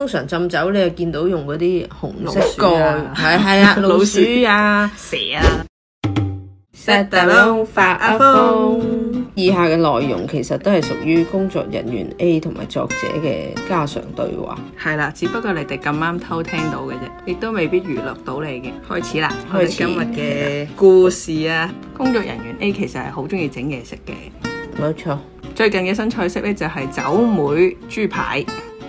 通常浸酒，你又見到用嗰啲紅色蓋，係係啊， 老鼠啊，蛇啊。Settle on five. 以下嘅內容其實都係屬於工作人員 A 同埋作者嘅家常對話。係啦，只不過你哋咁啱偷聽到嘅啫，亦都未必娛樂到你嘅。開始啦，開始今日嘅故事啊！始工作人員 A 其實係好中意整嘢食嘅，冇錯。最近嘅新菜式咧就係酒妹豬，豬排。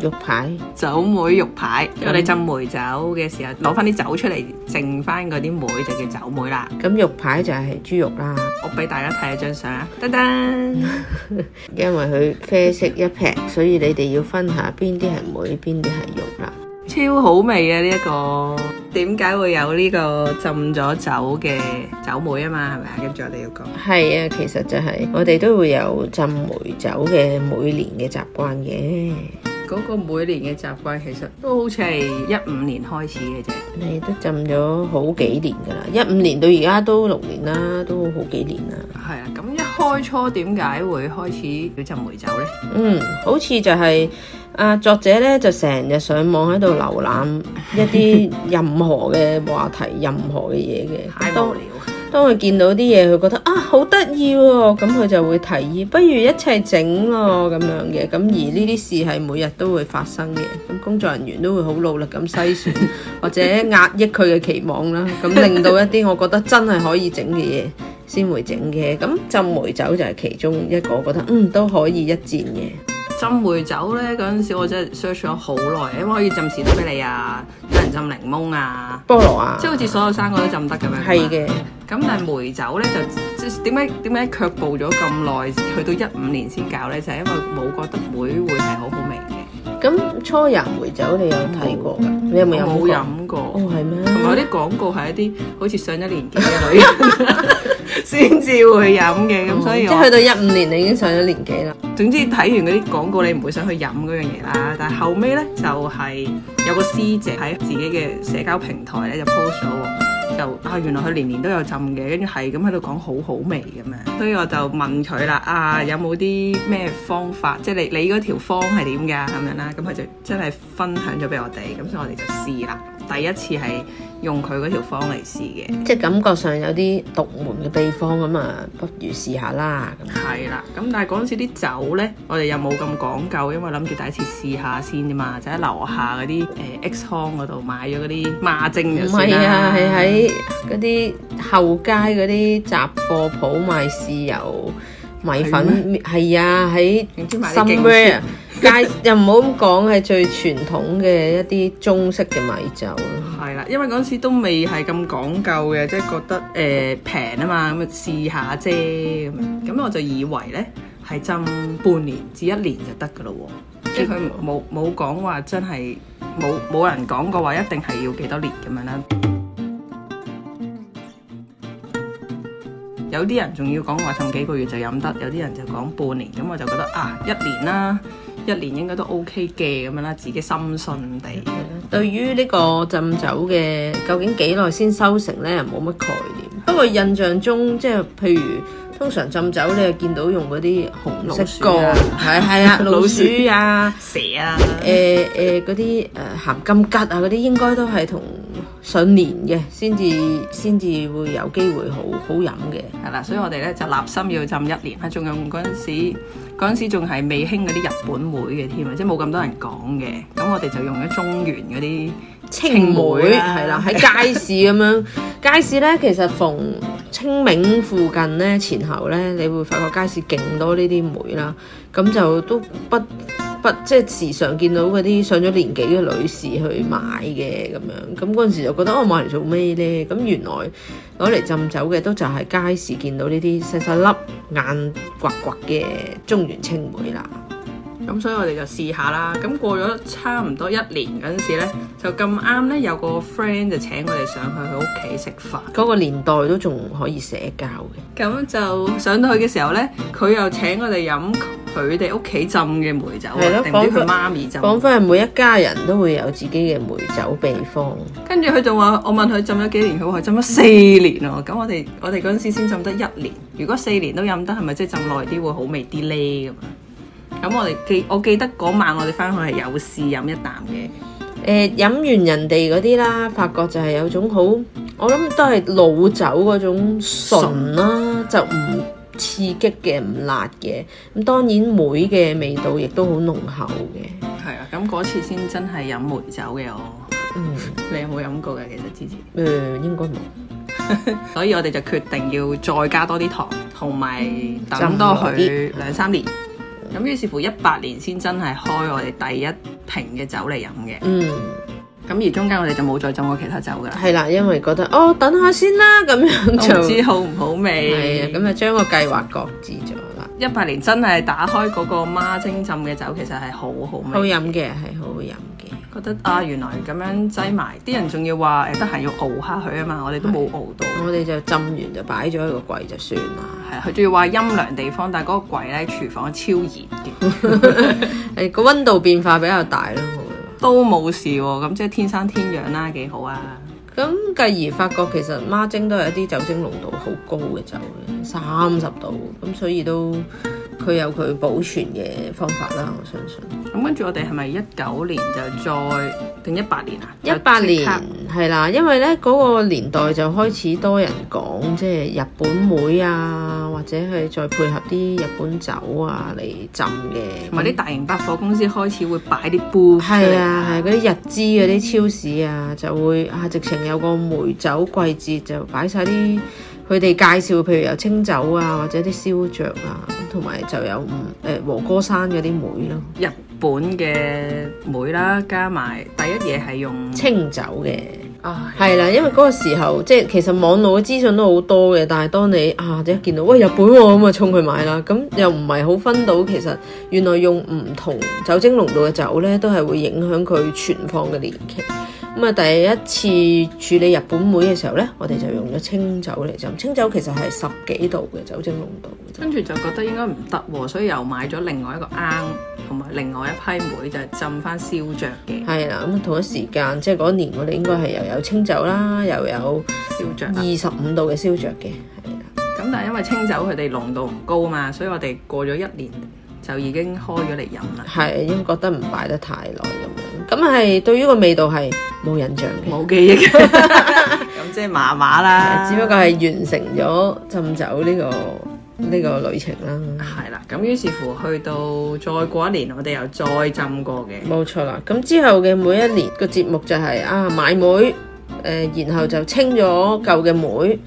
肉排酒梅肉排，嗯、我哋浸梅酒嘅時候攞翻啲酒出嚟，剩翻嗰啲梅就叫酒梅啦。咁肉排就係豬肉啦。我俾大家睇下張相，噔噔， 因為佢啡色一撇， 所以你哋要分下邊啲係梅，邊啲係肉啦。超好味啊！呢、這、一個點解會有呢個浸咗酒嘅酒梅啊？嘛係咪啊？跟住我哋要講，係啊，其實就係我哋都會有浸梅酒嘅每年嘅習慣嘅。嗰個每年嘅習慣其實都好似係一五年開始嘅啫，你都浸咗好幾年噶啦，一五年到而家都六年啦，都好幾年啦。係啊，咁一開初點解會開始要浸梅酒呢？嗯，好似就係、是、啊，作者咧就成日上網喺度瀏覽一啲任何嘅話題、 任何嘅嘢嘅，太無聊。當佢見到啲嘢，佢覺得啊好得意喎，咁佢、哦、就會提議，不如一齊整咯咁樣嘅。咁而呢啲事係每日都會發生嘅，咁工作人員都會好努力咁篩選或者壓抑佢嘅期望啦，咁令到一啲我覺得真係可以整嘅嘢先會整嘅。咁浸梅酒就係其中一個我覺得嗯都可以一戰嘅。浸梅酒咧，嗰陣時我真係 search 咗好耐，因為可以浸士多啤梨啊，有人浸檸檬啊、菠蘿啊，即係好似所有生果都浸得咁樣。係嘅。咁但係梅酒咧就即係點解點解卻步咗咁耐，去到一五年先搞咧，就係因為冇覺得梅會係好好味嘅。咁初日梅酒你有睇過㗎？你有冇飲？冇飲過，係咩？同埋啲廣告係一啲好似上咗年紀嘅女人先至會飲嘅，咁所以即係去到一五年你已經上咗年紀啦。總之睇完嗰啲廣告，你唔會想去飲嗰樣嘢啦。但係後尾咧就係、是、有個師姐喺自己嘅社交平台咧就 post 咗，就，就啊原來佢年年都有浸嘅，跟住係咁喺度講好好味咁樣。所以我就問佢啦，啊有冇啲咩方法？即係你你嗰條方係點㗎咁樣啦？咁佢就真係分享咗俾我哋，咁所以我哋就試啦。第一次係用佢嗰條方嚟試嘅，即係感覺上有啲獨門嘅秘方咁啊，不如試下啦。係啦，咁但係嗰陣時啲酒呢，我哋又冇咁講究，因為諗住第一次試下先啫嘛，就喺、是、樓下嗰啲誒 X 倉嗰度買咗嗰啲馬精。唔係啊，係喺嗰啲後街嗰啲雜貨鋪賣豉油。米粉，係嗎啊，喺新瑞街又唔好咁講，係最傳統嘅一啲中式嘅米酒咯。係啦，因為嗰陣時都未係咁講究嘅，即係覺得誒平啊嘛，咁啊試下啫咁。咁我就以為咧係浸半年至一年就得噶咯，即係佢冇冇講話真係冇冇人講過話一定係要幾多年咁樣啦。有啲人仲要講話浸幾個月就飲得，有啲人就講半年，咁、嗯、我就覺得啊一年啦，一年應該都 OK 嘅咁樣啦，自己深信地嘅啦。對於呢個浸酒嘅究竟幾耐先收成呢？冇乜概念。的不過印象中即係、就是、譬如通常浸酒，你又見到用嗰啲紅綠色啊，係係啊，老鼠啊、 蛇啊、誒誒嗰啲誒鹹金桔啊嗰啲，應該都係同。上年嘅先至先至會有機會好好飲嘅，係啦，所以我哋咧就立心要浸一年啊！仲有嗰陣時，嗰陣時仲係未興嗰啲日本梅嘅添啊，即係冇咁多人講嘅，咁我哋就用咗中原嗰啲青梅，係啦，喺街市咁樣。街市咧其實逢清明附近咧前後咧，你會發覺街市勁多呢啲梅啦，咁就都不。即係時常見到嗰啲上咗年紀嘅女士去買嘅咁樣，咁嗰陣時就覺得我、哦、買嚟做咩呢？咁原來攞嚟浸酒嘅都就係街市見到呢啲細細粒、硬刮刮嘅中原青梅啦。咁所以我哋就試下啦。咁過咗差唔多一年嗰陣時呢，就咁啱呢，有個 friend 就請我哋上去佢屋企食飯。嗰個年代都仲可以社交嘅。咁就上到去嘅時候呢，佢又請我哋飲佢哋屋企浸嘅梅酒啊，定俾佢媽咪浸。講翻係每一家人都會有自己嘅梅酒秘方。跟住佢仲話，我問佢浸咗幾年，佢話浸咗四年咯。咁我哋我哋嗰陣時先浸得一年。如果四年都飲得，係咪即係浸耐啲會好味啲呢？咁我哋記我記得嗰晚我哋翻去係有試飲一啖嘅，誒、呃、飲完人哋嗰啲啦，發覺就係有種好，我諗都係老酒嗰種醇啦，唇就唔刺激嘅，唔辣嘅。咁當然梅嘅味道亦都好濃厚嘅。係啊，咁嗰次先真係飲梅酒嘅哦。嗯， 你有冇飲過嘅？其實之前誒應該冇， 所以我哋就決定要再加多啲糖，同埋等多佢兩三年。咁於是乎，一八年先真係開我哋第一瓶嘅酒嚟飲嘅。嗯，咁而中間我哋就冇再浸過其他酒㗎。係啦，因為覺得，哦，等下先啦，咁樣就唔知好唔好味。係啊， 咁就將個計劃擱置咗。一八年真係打開嗰個孖蒸浸嘅酒，其實係好好味，好飲嘅係好好飲嘅。覺得啊，原來咁樣擠埋，啲對人仲要話誒，得閒要熬下佢啊嘛，我哋都冇熬到，我哋就浸完就擺咗喺個櫃就算啦。係啊，佢仲要話陰涼地方，但係嗰個櫃咧，廚房超熱嘅，誒個溫度變化比較大咯，都冇事喎，啊。咁即係天生天養啦，幾好啊！咁繼而發覺其實孖蒸都係一啲酒精濃度好高嘅酒，三十度，咁所以都。佢有佢保存嘅方法啦，我相信。咁跟住我哋係咪一九年就再定一八年啊？一八年係啦，因為呢嗰個年代就開始多人講，即係日本梅啊，或者係再配合啲日本酒啊嚟浸嘅，同埋啲大型百貨公司開始會擺啲杯，係啊，係嗰啲日資嗰啲超市啊，嗯、就會啊直情有個梅酒季節就擺晒啲。佢哋介紹，譬如有清酒啊，或者啲燒酎啊，同埋就有唔誒、欸、和歌山嗰啲梅咯，日本嘅梅啦，加埋第一嘢係用清酒嘅，係啦，因為嗰個時候即係其實網絡嘅資訊都好多嘅，但係當你啊一見到喂日本喎，咁啊衝去買啦，咁又唔係好分到其實原來用唔同酒精濃度嘅酒呢，都係會影響佢存放嘅年期。咁啊，第一次處理日本梅嘅時候呢，我哋就用咗清酒嚟浸。清酒其實係十幾度嘅酒精濃度。跟住就覺得應該唔得喎，所以又買咗另外一個罌，同埋另外一批梅就是，浸翻燒着嘅。係啦，咁同一時間即係嗰一年，我哋應該係又有清酒啦，又有燒着。二十五度嘅燒着嘅。咁但係因為清酒佢哋濃度唔高嘛，所以我哋過咗一年就已經開咗嚟飲啦。係，因為覺得唔擺得太耐。咁係對於個味道係冇印象嘅，冇記憶嘅，咁即係麻麻啦。只不過係完成咗浸酒呢個呢個旅程啦。係啦，咁於是乎去到再過一年，我哋又再浸過嘅。冇錯啦。咁之後嘅每一年個節目就係啊買梅，誒，然後就清咗舊嘅梅，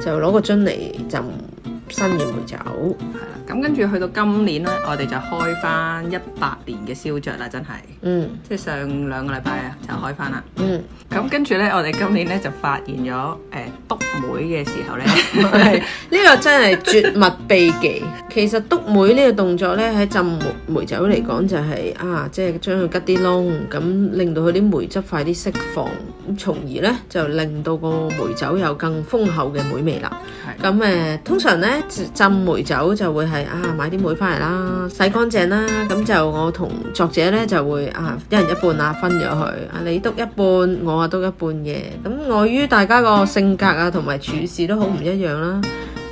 就攞個樽嚟浸。新嘅梅酒係啦，咁跟住去到今年咧，我哋就開翻一百年嘅燒酎啦，真係，嗯，即係上兩個禮拜啊就開翻啦，嗯，咁跟住咧，我哋今年咧就發現咗誒篤梅嘅時候咧，呢個真係絕密秘技。其實篤梅呢個動作咧喺浸梅梅酒嚟講就係啊，即係將佢吉啲窿，咁令到佢啲梅汁快啲釋放，咁從而咧就令到個梅酒有更豐厚嘅梅味啦。係，咁誒通常咧。浸梅酒就會係啊買啲梅翻嚟啦，洗乾淨啦，咁就我同作者呢就會啊一人一半啊分咗去，啊、你督一半，我啊督一半嘅。咁礙於大家個性格啊同埋處事都好唔一樣啦、啊，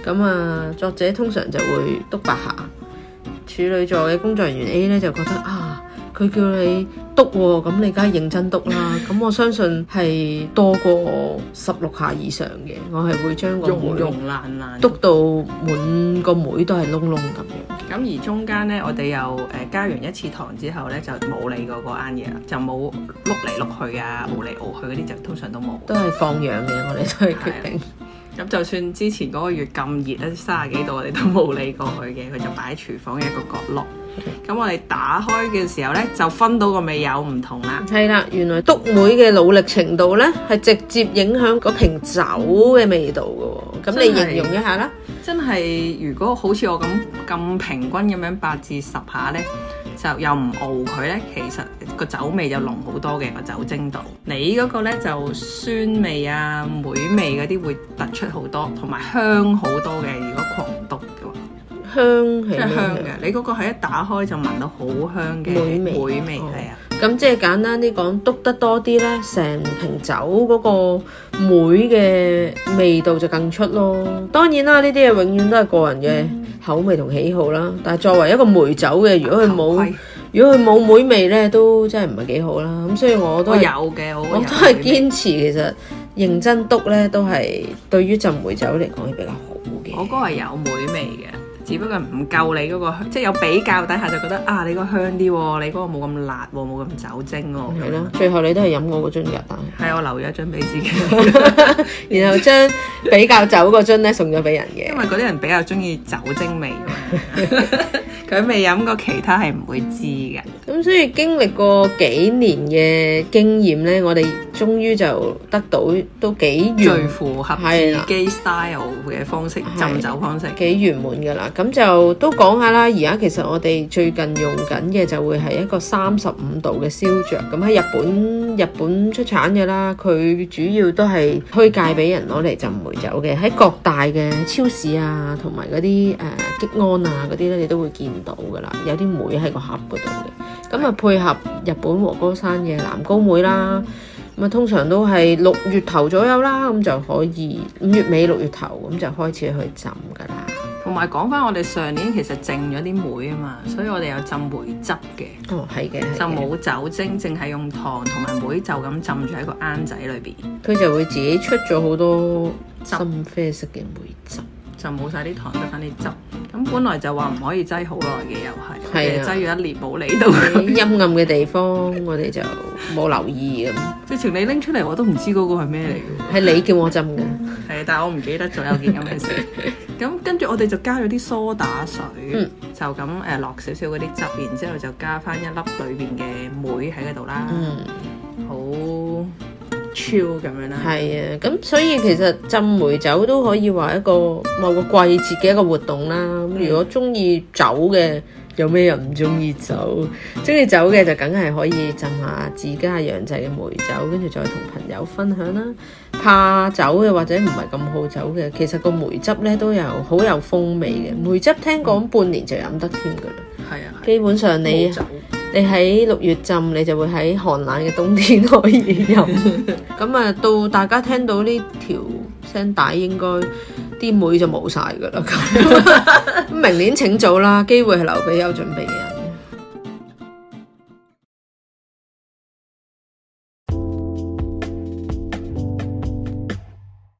咁啊作者通常就會督白下。處女座嘅工作人員 A 呢，就覺得啊，佢叫你篤喎，咁、啊、你梗係認真篤啦，咁我相信係多過十六下以上嘅，我係會將個碗爛爛篤到滿個妹都係窿窿咁嘅。咁而中間呢，我哋又誒加完一次糖之後呢，就冇理過嗰啲嘢啦，就冇碌嚟碌去啊，傲嚟傲去嗰啲就通常都冇。都係放養嘅，我哋都係決定。咁就算之前嗰個月咁熱咧，三十幾度，我哋都冇理過佢嘅，佢就擺喺廚房嘅一個角落。咁我哋打開嘅時候呢，就分到個味有唔同啦。係啦，原來篤梅嘅努力程度呢，係直接影響嗰瓶酒嘅味道噶。咁你形容一下啦。真係，如果好似我咁咁平均咁樣八至十下呢，就又唔熬佢呢。其實個酒味就濃好多嘅，個酒精度。你嗰個呢，就酸味啊、梅味嗰啲會突出好多，同埋香好多嘅。如果狂香係香嘅，你嗰個係一打開就聞到好香嘅梅梅味，係啊，咁即係簡單啲講，篤得多啲咧，成瓶酒嗰個梅嘅味道就更出咯。當然啦，呢啲嘢永遠都係個人嘅口味同喜好啦。但係作為一個梅酒嘅，如果佢冇，如果佢冇梅味咧，都真係唔係幾好啦。咁所以我都有嘅，我都係堅持其實認真篤咧，都係對於浸梅酒嚟講係比較好嘅。我嗰個係有梅味嘅。只不過唔夠你嗰個香，即係有比較底下就覺得啊，你嗰個香啲喎，你嗰個冇咁辣喎，冇咁酒精喎。係咯，最後你都係飲我嗰樽入啊。係 我留咗樽俾自己， 然後將比較酒嗰樽咧送咗俾人嘅。因為嗰啲人比較中意酒精味，佢未飲過其他係唔會知嘅。咁所以經歷過幾年嘅經驗咧，我哋。終於就得到都幾完，最符合自己 style 嘅方式浸酒方式，幾圓滿噶啦。咁就都講下啦。而家其實我哋最近用緊嘅就會係一個三十五度嘅燒酎，咁喺日本日本出產嘅啦，佢主要都係推介俾人攞嚟浸梅酒嘅。喺各大嘅超市啊，同埋嗰啲誒激安啊嗰啲咧，你都會見到噶啦。有啲梅喺個盒嗰度嘅，咁啊配合日本和歌山嘅南高梅啦。通常都係六月頭左右啦，咁就可以五月尾六月頭咁就開始去浸㗎喇。同埋講返我哋上年其實剩咗啲梅啊嘛，所以我哋有浸梅汁嘅。哦，係嘅，就冇酒精，淨係用糖同埋梅就咁浸住喺個罌仔裏邊。佢就會自己出咗好多深啡色嘅梅汁。就冇曬啲糖得翻啲汁，咁本來就話唔可以擠好耐嘅又係，誒擠咗一年冇理到陰暗嘅地方，我哋就冇留意咁。之前你拎出嚟我都唔知嗰個係咩嚟嘅，係你叫我浸嘅，係，但係我唔記得咗有件咁嘅事。咁跟住我哋就加咗啲梳打水，就咁誒落少少嗰啲汁，然之後就加翻一粒裏邊嘅梅喺嗰度啦，好。超咁樣啦，係啊，咁所以其實浸梅酒都可以話一個某個季節嘅一個活動啦。咁如果中意酒嘅，有咩人唔中意酒？中意酒嘅就梗係可以浸下自家釀製嘅梅酒，跟住再同朋友分享啦。怕酒嘅或者唔係咁好酒嘅，其實個梅汁呢都有好有風味嘅。梅汁聽講半年就飲得添㗎喇，係啊，基本上你。你喺六月浸，你就會喺寒冷嘅冬天可以飲。咁啊， 到大家聽到呢條聲帶，應該啲妹就冇晒噶啦。咁 明年請早啦，機會係留俾有準備嘅人。